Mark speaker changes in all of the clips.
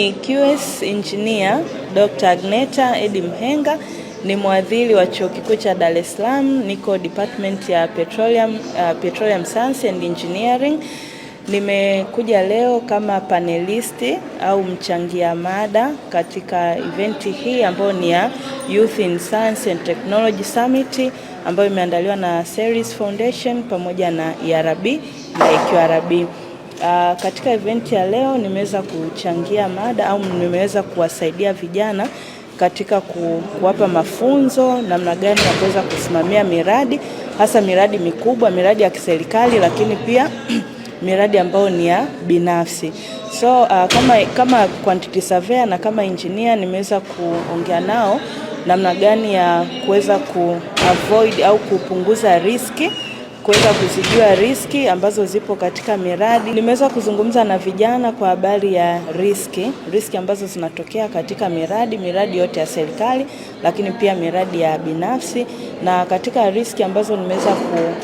Speaker 1: Ni QS Engineer Dr. Agneta Edi Mhenga ni mwadhiri wa Chuo Kikuu cha Dar es Salaam, niko department ya Petroleum, uh, Petroleum Science and Engineering. Nimekuja leo kama panelisti au mchangia mada katika eventi hii ambayo ni ya Youth in Science and Technology Summit ambayo imeandaliwa na Ceres Foundation pamoja na IRB e na IQRB. E Uh, katika event ya leo nimeweza kuchangia mada au nimeweza kuwasaidia vijana katika kuwapa mafunzo namna gani ya kuweza kusimamia miradi hasa miradi mikubwa, miradi ya kiserikali, lakini pia miradi ambayo ni ya binafsi. So uh, kama, kama quantity surveyor na kama engineer nimeweza kuongea nao namna gani ya kuweza kuavoid au kupunguza riski kuweza kuzijua riski ambazo zipo katika miradi. Nimeweza kuzungumza na vijana kwa habari ya riski, riski ambazo zinatokea katika miradi, miradi yote ya serikali, lakini pia miradi ya binafsi. Na katika riski ambazo nimeweza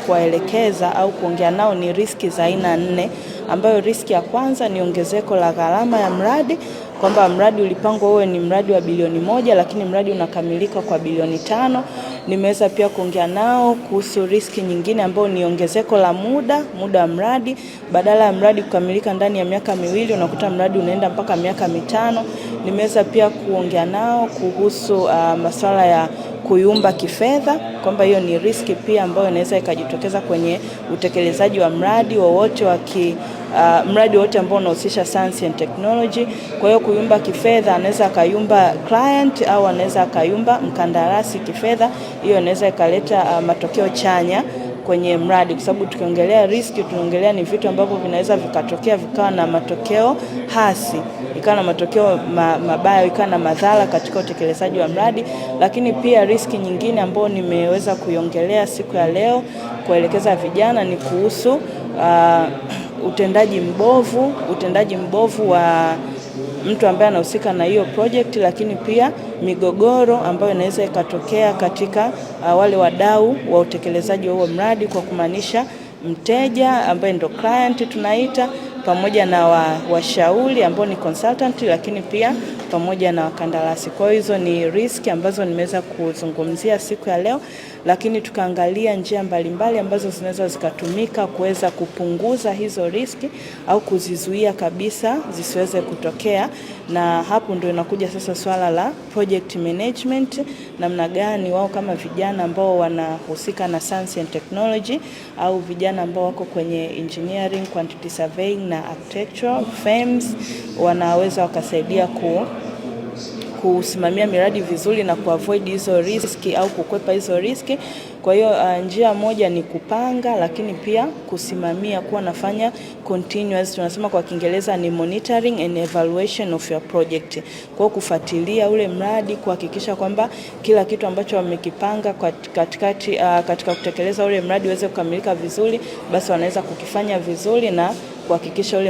Speaker 1: kuwaelekeza au kuongea nao ni riski za aina nne ambayo riski ya kwanza ni ongezeko la gharama ya mradi kwamba mradi ulipangwa uwe ni mradi wa bilioni moja lakini mradi unakamilika kwa bilioni tano. Nimeweza pia kuongea nao kuhusu riski nyingine ambayo ni ongezeko la muda muda wa mradi. Badala ya mradi kukamilika ndani ya miaka miwili, unakuta mradi unaenda mpaka miaka mitano. Nimeweza pia kuongea nao kuhusu uh, masuala ya kuyumba kifedha, kwamba hiyo ni riski pia ambayo inaweza ikajitokeza kwenye utekelezaji wa mradi wowote wa ki, uh, mradi wote ambao unahusisha science and technology. Kwa hiyo kuyumba kifedha, anaweza akayumba client au anaweza akayumba mkandarasi kifedha, hiyo inaweza ikaleta uh, matokeo chanya kwenye mradi kwa sababu tukiongelea riski tunaongelea ni vitu ambavyo vinaweza vikatokea vikawa na matokeo hasi ikawa na matokeo mabaya, ikawa na madhara katika utekelezaji wa mradi. Lakini pia riski nyingine ambayo nimeweza kuiongelea siku ya leo kuelekeza vijana ni kuhusu uh, utendaji mbovu, utendaji mbovu wa mtu ambaye anahusika na hiyo project, lakini pia migogoro ambayo inaweza ikatokea katika uh, wale wadau wa utekelezaji wa huo mradi, kwa kumaanisha mteja ambaye ndo client tunaita, pamoja na washauri wa ambao ni consultant, lakini pia pamoja na wakandarasi. Kwa hiyo hizo ni riski ambazo nimeweza kuzungumzia siku ya leo, lakini tukaangalia njia mbalimbali mbali ambazo zinaweza zikatumika kuweza kupunguza hizo riski au kuzizuia kabisa zisiweze kutokea na hapo ndio inakuja sasa swala la project management, namna gani wao kama vijana ambao wanahusika na science and technology au vijana ambao wako kwenye engineering, quantity surveying na architectural firms wanaweza wakasaidia ku kusimamia miradi vizuri na kuavoid hizo riski au kukwepa hizo riski kwa hiyo uh, njia moja ni kupanga, lakini pia kusimamia, kuwa nafanya continuous, tunasema kwa Kiingereza ni monitoring and evaluation of your project, kwa kufuatilia ule mradi, kuhakikisha kwamba kila kitu ambacho wamekipanga katikati, uh, katika kutekeleza ule mradi uweze kukamilika vizuri, basi wanaweza kukifanya vizuri na kuhakikisha ule